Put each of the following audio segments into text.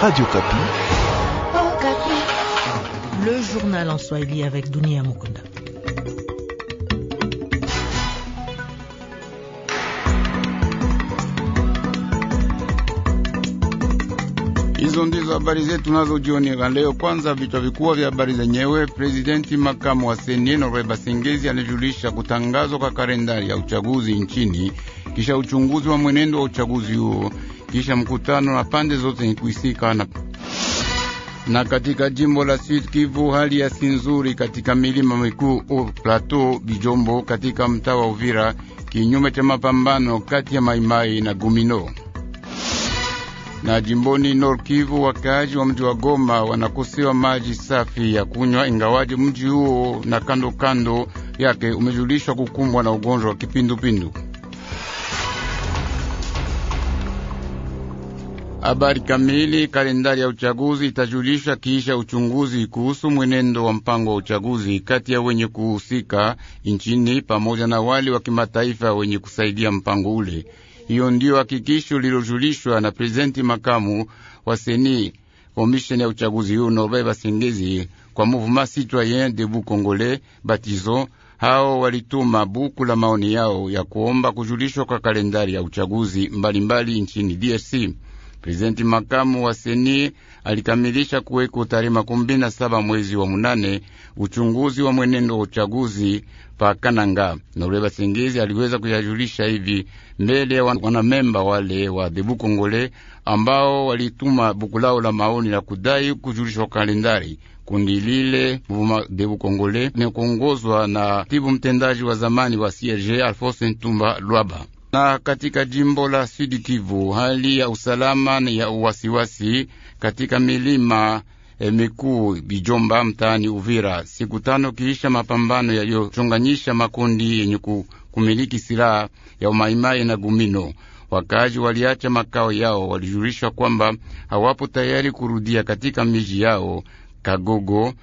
Radio Kapi. Oh, Kapi. Le journal en Swahili avec Dunia Mukunda. Hizo ndizo habari zetu nazo jioni la leo. Kwanza vichwa vikubwa vya habari zenyewe. Prezidenti makamu wa seni Norbert Basengezi alijulisha kutangazwa kwa kalendari ya uchaguzi nchini kisha uchunguzi wa mwenendo wa uchaguzi huo kisha mkutano na pande zote ni kuhusika na na katika jimbo la Sud Kivu hali ya si nzuri katika milima mikuu Plateau Bijombo katika mtaa wa Uvira, kinyume cha mapambano kati ya Maimai na Gumino. Na jimboni Nord Kivu, wakaaji wa mji wa Goma wanakosewa maji safi ya kunywa, ingawaje mji huo na kando kando yake umejulishwa kukumbwa na ugonjwa wa kipindupindu. Habari kamili. Kalendari ya uchaguzi itajulisha kiisha uchunguzi kuhusu mwenendo wa mpango wa uchaguzi kati ya wenye kuhusika nchini pamoja na wale wa kimataifa wenye kusaidia mpango ule. Hiyo ndiyo hakikisho lilojulishwa na prezidenti makamu wa seni komisheni ya uchaguzi huu Bayi Basengezi kwa Mouvement Citoyen Debout Congolais batizo hao walituma buku la maoni yao ya kuomba kujulishwa kwa kalendari ya uchaguzi mbalimbali mbali nchini DRC. Prezidenti makamu wa seni alikamilisha kuweko tarehe makumi mbili na saba mwezi wa munane uchunguzi wa mwenendo wa uchaguzi pa Kananga. Norbert Singizi aliweza kuyajulisha hivi mbele ya wanamemba wale wa Debu Kongole ambao walituma buku lao la maoni la kudai kujulishwa kalendari. Kundi lile Mvuma Debu Kongole ni na katibu mtendaji wa zamani wa CRG Alfonse Ntumba Lwaba na katika jimbo la Sidi Kivu hali ya usalama ni ya uwasiwasi katika milima eh, mikuu Bijomba mtaani Uvira, siku tano kiisha mapambano yaliyochonganyisha makundi yenye kumiliki silaha ya Umaimai na Gumino. Wakaaji waliacha makao yao, walijulishwa kwamba hawapo tayari kurudia katika miji yao Kagogo,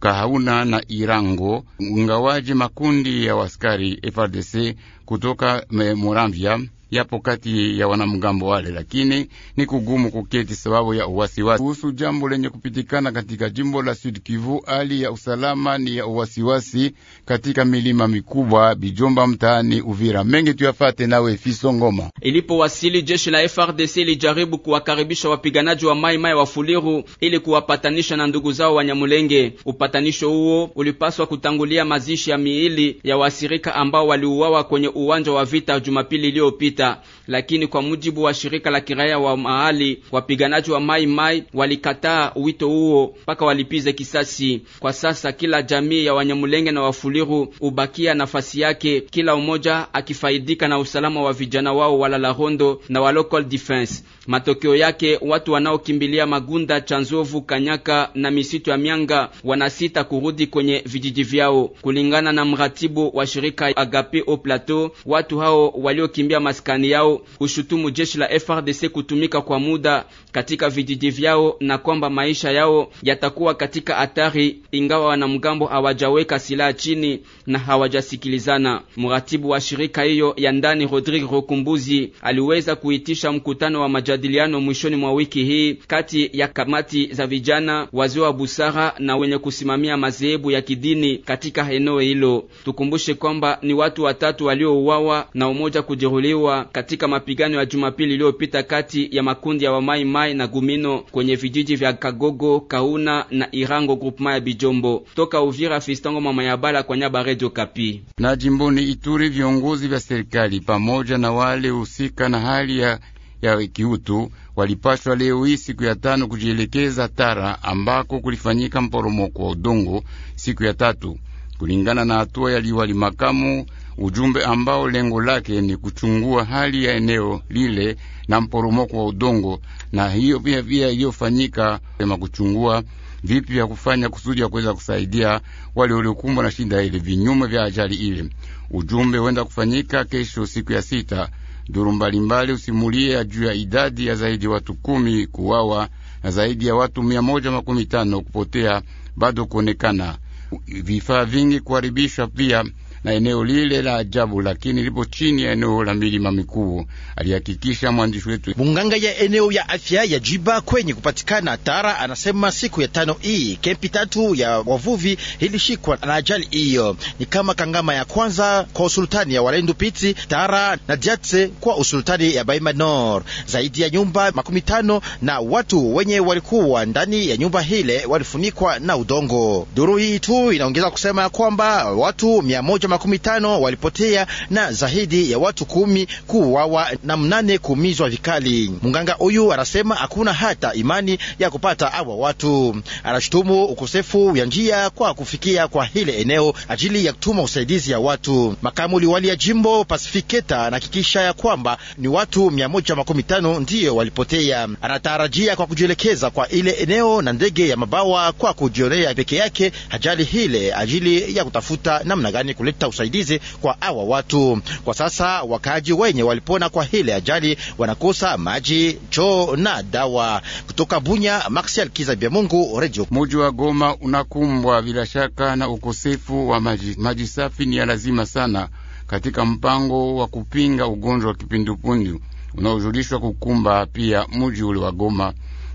Kahauna na Irango, ngawaji makundi ya waskari FARDC kutoka Moravia yapo kati ya wanamgambo wale, lakini ni kugumu kuketi sababu ya uwasiwasi kuhusu jambo lenye kupitikana katika jimbo la Sud Kivu. Hali ya usalama ni ya uwasiwasi katika milima mikubwa Bijomba mtaani Uvira. Mengi tuyafate nawe Fiso Ngoma. Ilipowasili jeshi la FRDC ilijaribu kuwakaribisha wapiganaji wa Mai Mai wa Fuliru ili kuwapatanisha na ndugu zao Wanyamulenge. Upatanisho huo ulipaswa kutangulia mazishi ya miili ya wasirika ambao waliuawa kwenye uwanja wa vita Jumapili iliyopita moja, lakini kwa mujibu wa shirika la kiraia wa mahali, wapiganaji wa Mai Mai walikataa wito huo mpaka walipize kisasi. Kwa sasa kila jamii ya Wanyamulenge na Wafuliru ubakia nafasi yake, kila umoja akifaidika na usalama wa vijana wao walala rondo na wa local defense. Matokeo yake watu wanaokimbilia Magunda, Chanzovu, Kanyaka na misitu ya mianga wanasita kurudi kwenye vijiji vyao, kulingana na mratibu wa shirika Agape au Plateau. Watu hao waliokimbia maskini maskani yao, hushutumu jeshi la FRDC kutumika kwa muda katika vijiji vyao na kwamba maisha yao yatakuwa katika hatari, ingawa wanamgambo hawajaweka silaha chini na hawajasikilizana. Mratibu wa shirika hiyo ya ndani Rodrigue Rokumbuzi aliweza kuitisha mkutano wa majadiliano mwishoni mwa wiki hii kati ya kamati za vijana, wazee wa busara na wenye kusimamia madhehebu ya kidini katika eneo hilo. Tukumbushe kwamba ni watu watatu waliouawa na umoja kujeruhiwa katika mapigano ya Jumapili iliyopita kati ya makundi ya Wamaimai na Gumino kwenye vijiji vya Kagogo, Kauna na Irango groupement ya Bijombo. Toka Uvira, Fistango mama ya Bala kwa nyaba Radio Kapi. Na jimboni Ituri, viongozi vya serikali pamoja na wale husika na hali ya ya kiutu walipashwa leo hii siku ya tano kujielekeza Tara ambako kulifanyika mporomoko wa udongo siku ya tatu, kulingana na hatua ya liwali makamu ujumbe ambao lengo lake ni kuchungua hali ya eneo lile na mporomoko wa udongo, na hiyo pia pia iliyofanyika sema kuchungua vipi vya kufanya kusudi ya kuweza kusaidia wale waliokumbwa na shida ile vinyume vya ajali ile. Ujumbe huenda kufanyika kesho siku ya sita. Duru mbalimbali usimulia juu ya idadi ya zaidi watu kumi kuwawa na zaidi ya watu mia moja makumi tano kupotea bado kuonekana, vifaa vingi kuharibishwa pia na eneo lile la ajabu, lakini lipo chini ya eneo la milima mikuu, alihakikisha mwandishi wetu. Munganga ya eneo ya afya ya Jiba kwenye kupatikana Tara anasema siku ya tano hii kempi tatu ya wavuvi ilishikwa na ajali hiyo, ni kama Kangama ya kwanza kwa usultani ya Walendu Piti, Tara na Jatse kwa usultani ya Baima Nor. Zaidi ya nyumba makumi tano na watu wenye walikuwa ndani ya nyumba hile walifunikwa na udongo. Duru hii tu inaongeza kusema ya kwamba watu mia moja makumi tano walipotea na zaidi ya watu kumi kuuawa na mnane kuumizwa vikali. Mganga huyu anasema hakuna hata imani ya kupata awa watu. Anashutumu ukosefu ya njia kwa kufikia kwa hile eneo ajili ya kutuma usaidizi ya watu. Makamu liwali ya jimbo Pasifiketa anahakikisha ya kwamba ni watu mia moja makumi tano ndiyo walipotea. Anatarajia kwa kujielekeza kwa ile eneo na ndege ya mabawa kwa kujionea peke yake hajali hile ajili ya kutafuta namna gani kuleta kupata usaidizi kwa awa watu. Kwa sasa wakaaji wenye walipona kwa hile ajali wanakosa maji, choo na dawa. Kutoka Bunya, Maxial Kiza Bya Mungu, Radio. Muji wa Goma unakumbwa bila shaka na ukosefu wa maji. Maji safi ni ya lazima sana katika mpango wa kupinga ugonjwa wa kipindupindu unaojulishwa kukumba pia muji ule wa Goma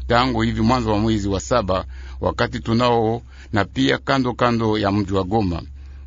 tangu hivi mwanzo wa mwezi wa saba wakati tunao na pia kando kando ya mji wa Goma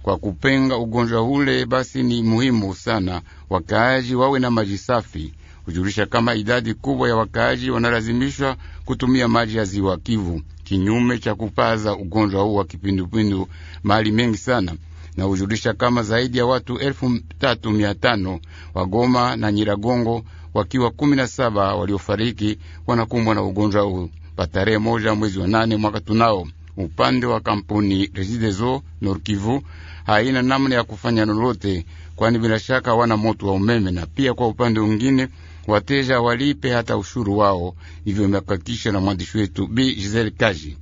kwa kupenga ugonjwa ule, basi ni muhimu sana wakaaji wawe na maji safi. Hujulisha kama idadi kubwa ya wakaaji wanalazimishwa kutumia maji ya ziwa Kivu kinyume cha kupaza ugonjwa huu wa kipindupindu mahali mengi sana na hujulisha kama zaidi ya watu elfu tatu mia tano wa Goma na Nyiragongo wakiwa kumi na saba waliofariki wanakumbwa na ugonjwa huu pa tarehe moja mwezi wa nane mwaka tunao Upande wa kampuni Regideso Norkivu haina namna ya kufanya lolote, kwani bila shaka wana moto wa umeme, na pia kwa upande mwingine wateja walipe hata ushuru wao. Hivyo imehakikishwa na mwandishi wetu Bi Giselle Kaji.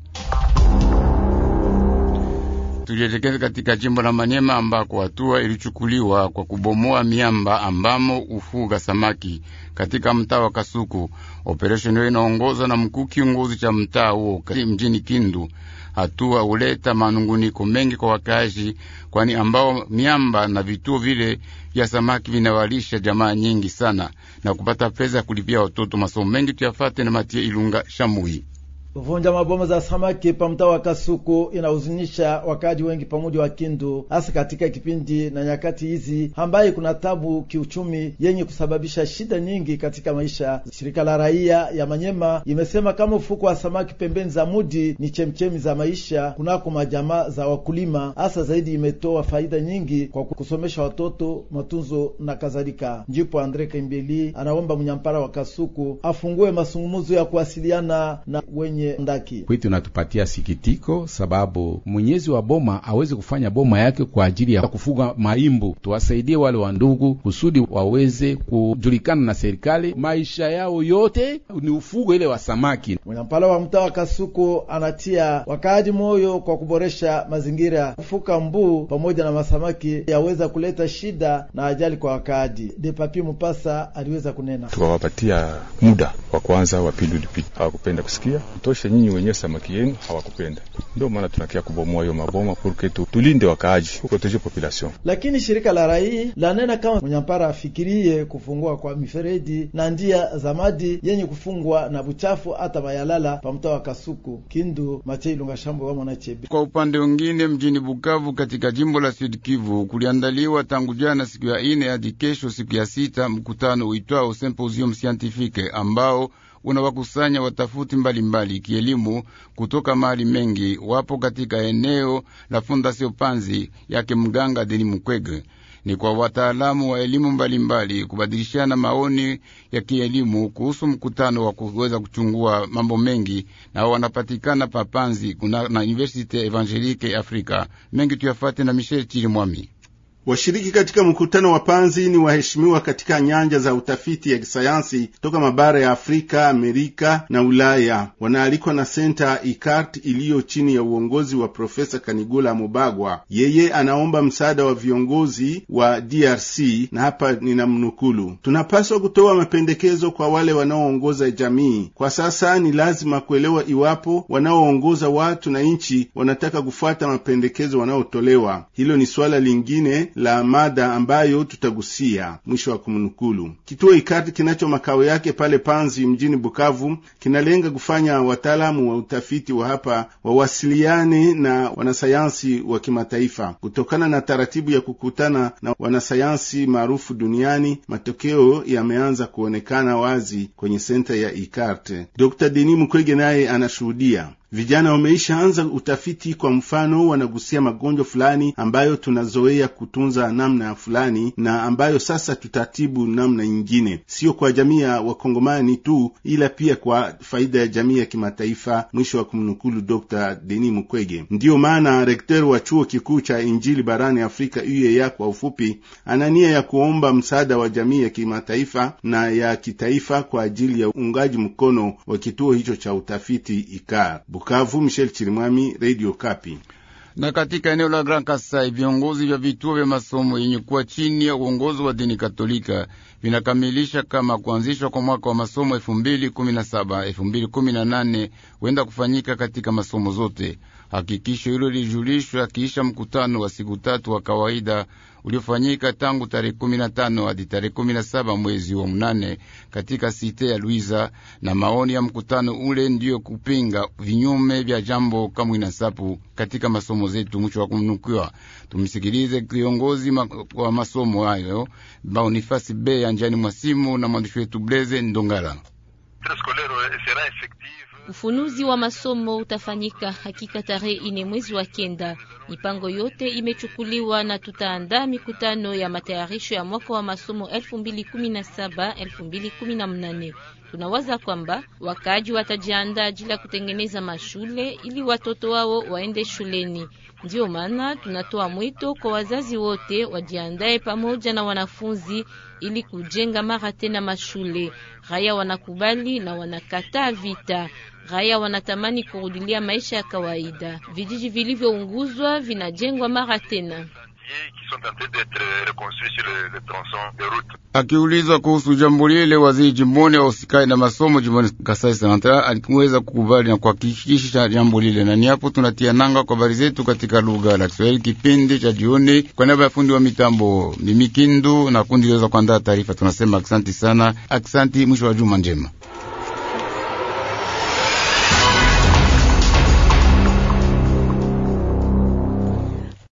Tulielekeza katika jimbo la Manyema ambako hatua ilichukuliwa kwa kubomoa miamba ambamo ufuga samaki katika mtaa wa Kasuku. Operesheni hiyo inaongozwa na mkuu kiongozi cha mtaa huo mjini Kindu hatua huleta manunguniko mengi kwa wakazi, kwani ambao miamba na vituo vile vya samaki vinawalisha jamaa nyingi sana na kupata pesa ya kulipia watoto masomo mengi. Tuyafate na Matia Ilunga Shamui. Kuvunja maboma za samaki pa mtaa wa Kasuku inahuzunisha wakaji wengi pamoja wa Kindu, hasa katika kipindi na nyakati hizi ambaye kuna tabu kiuchumi yenye kusababisha shida nyingi katika maisha. Shirika la raia ya Manyema imesema kama ufuko wa samaki pembeni za mudi ni chemchemi za maisha kunako majamaa za wakulima, hasa zaidi imetoa faida nyingi kwa kusomesha watoto, matunzo na kadhalika. Ndipo Andre Kembeli anaomba mnyampara wa Kasuku afungue masungumuzo ya kuwasiliana na wenye kwenye ndaki kwetu. Natupatia sikitiko sababu mwenyezi wa boma aweze kufanya boma yake kwa ajili ya kufuga maimbu. Tuwasaidie wale wa ndugu kusudi waweze kujulikana na serikali. Maisha yao yote ni ufugo ile wa samaki. Mwenampala wa mtaa wa Kasuku anatia wakaaji moyo kwa kuboresha mazingira. Kufuka mbuu pamoja na masamaki yaweza kuleta shida na ajali kwa wakaaji. Depapi Mupasa aliweza kunena, tuwawapatia muda wa kwanza, wa pili ulipita hawakupenda kusikia Mto Isitoshe nyinyi wenyewe samaki yenu hawakupenda, ndio maana tunakia kubomoa hiyo maboma purke tu tulinde wakaaji huko tuje population. Lakini shirika la raia lanena kama mnyampara afikirie kufungua kwa mifereji na njia za maji yenye kufungwa na buchafu hata bayalala pamtaa wa Kasuku Kindu Mache Lunga Shambo wa Mwanachebe. Kwa upande wengine, mjini Bukavu katika jimbo la Sud Kivu kuliandaliwa tangu jana siku ya ine hadi kesho siku ya sita mkutano uitwao Symposium Scientifique ambao unawakusanya watafuti mbalimbali kielimu kutoka mahali mengi, wapo katika eneo la fundasio Panzi yake mganga Deni Mukwege ni kwa wataalamu wa elimu mbalimbali kubadilishana maoni ya kielimu kuhusu mkutano wa kuweza kuchungua mambo mengi, na wanapatikana papanzi kuna na Universite Evangelique Afrika. Mengi tuyafate na Michel Chirimwami. Washiriki katika mkutano wa Panzi ni waheshimiwa katika nyanja za utafiti ya kisayansi toka mabara ya Afrika, Amerika na Ulaya. Wanaalikwa na senta ICART iliyo chini ya uongozi wa Profesa Kanigula Mubagwa. Yeye anaomba msaada wa viongozi wa DRC na hapa ninamnukulu: tunapaswa kutoa mapendekezo kwa wale wanaoongoza jamii. Kwa sasa ni lazima kuelewa iwapo wanaoongoza watu na nchi wanataka kufuata mapendekezo wanaotolewa Hilo ni swala lingine la mada ambayo tutagusia. Mwisho wa kumnukulu. Kituo Ikati kinacho makao yake pale Panzi mjini Bukavu kinalenga kufanya wataalamu wa utafiti wa hapa wawasiliane na wanasayansi wa kimataifa kutokana na taratibu ya kukutana na wanasayansi maarufu duniani. Matokeo yameanza kuonekana wazi kwenye senta ya Ikarte. Dr Denis Mukwege naye anashuhudia Vijana wameishaanza utafiti, kwa mfano wanagusia magonjwa fulani ambayo tunazoea kutunza namna fulani na ambayo sasa tutatibu namna nyingine, sio kwa jamii ya wakongomani tu, ila pia kwa faida ya jamii ya kimataifa. Mwisho wa kumnukulu Dr. Denis Mukwege. Ndiyo maana rekter wa chuo kikuu cha Injili barani Afrika UEA kwa ufupi, ana nia ya kuomba msaada wa jamii ya kimataifa na ya kitaifa kwa ajili ya uungaji mkono wa kituo hicho cha utafiti IKAR. Bukavu, Michel Chirimwami, Radio Kapi. Na katika eneo la Grand Kasai, viongozi vya vituo vya masomo yenye kuwa chini ya uongozi wa dini Katolika vinakamilisha kama kuanzishwa kwa mwaka wa masomo 2017 2018 huenda kufanyika katika masomo zote. Hakikisho hilo lilijulishwa kiisha mkutano wa siku tatu wa kawaida uliofanyika tangu tarehe 15 hadi tarehe 17 mwezi wa mnane katika site ya Luiza, na maoni ya mkutano ule ndiyo kupinga vinyume vya jambo Kamwina Nsapu katika masomo zetu. Mwisho wa kunukiwa, tumsikilize kiongozi wa masomo hayo Bonifasi Bea njiani mwa simu na mwandishi wetu Blaise Ndongala. Euh, Ufunuzi wa masomo utafanyika hakika tarehe ine mwezi wa kenda. Mipango yote imechukuliwa na tutaandaa mikutano ya matayarisho ya mwaka wa masomo 2017 2018 tunawaza kwamba wakaaji watajiandaa ajili ya kutengeneza mashule ili watoto wao waende shuleni. Ndiyo maana tunatoa mwito kwa wazazi wote wajiandae pamoja na wanafunzi ili kujenga mara tena mashule. Raia wanakubali na wanakataa vita. Raia wanatamani kurudilia maisha ya kawaida. Vijiji vilivyounguzwa vinajengwa mara tena msingi qui sont en train d'être reconstruits sur le, le tronçon de route. Akiulizwa kuhusu jambo lile, waziri jimboni ausikae na masomo jimboni Kasai Central alikuweza kukubali na kuhakikisha jambo lile. Na ni hapo tunatia nanga kwa habari zetu katika lugha la Kiswahili kipindi cha jioni. Kwa niaba ya fundi wa mitambo Mimikindu na kundi liweza kuandaa taarifa, tunasema aksanti sana, aksanti. Mwisho wa juma njema.